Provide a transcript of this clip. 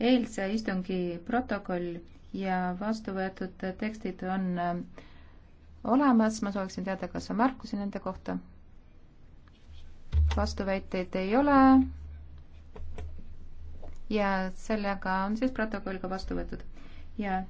eilse istungi protokoll ja vastu võetud tekstid on äh, olemas, ma sooviksin teada, kas on märkusi nende kohta? vastuväiteid ei ole. ja sellega on siis protokoll ka vastu võetud ja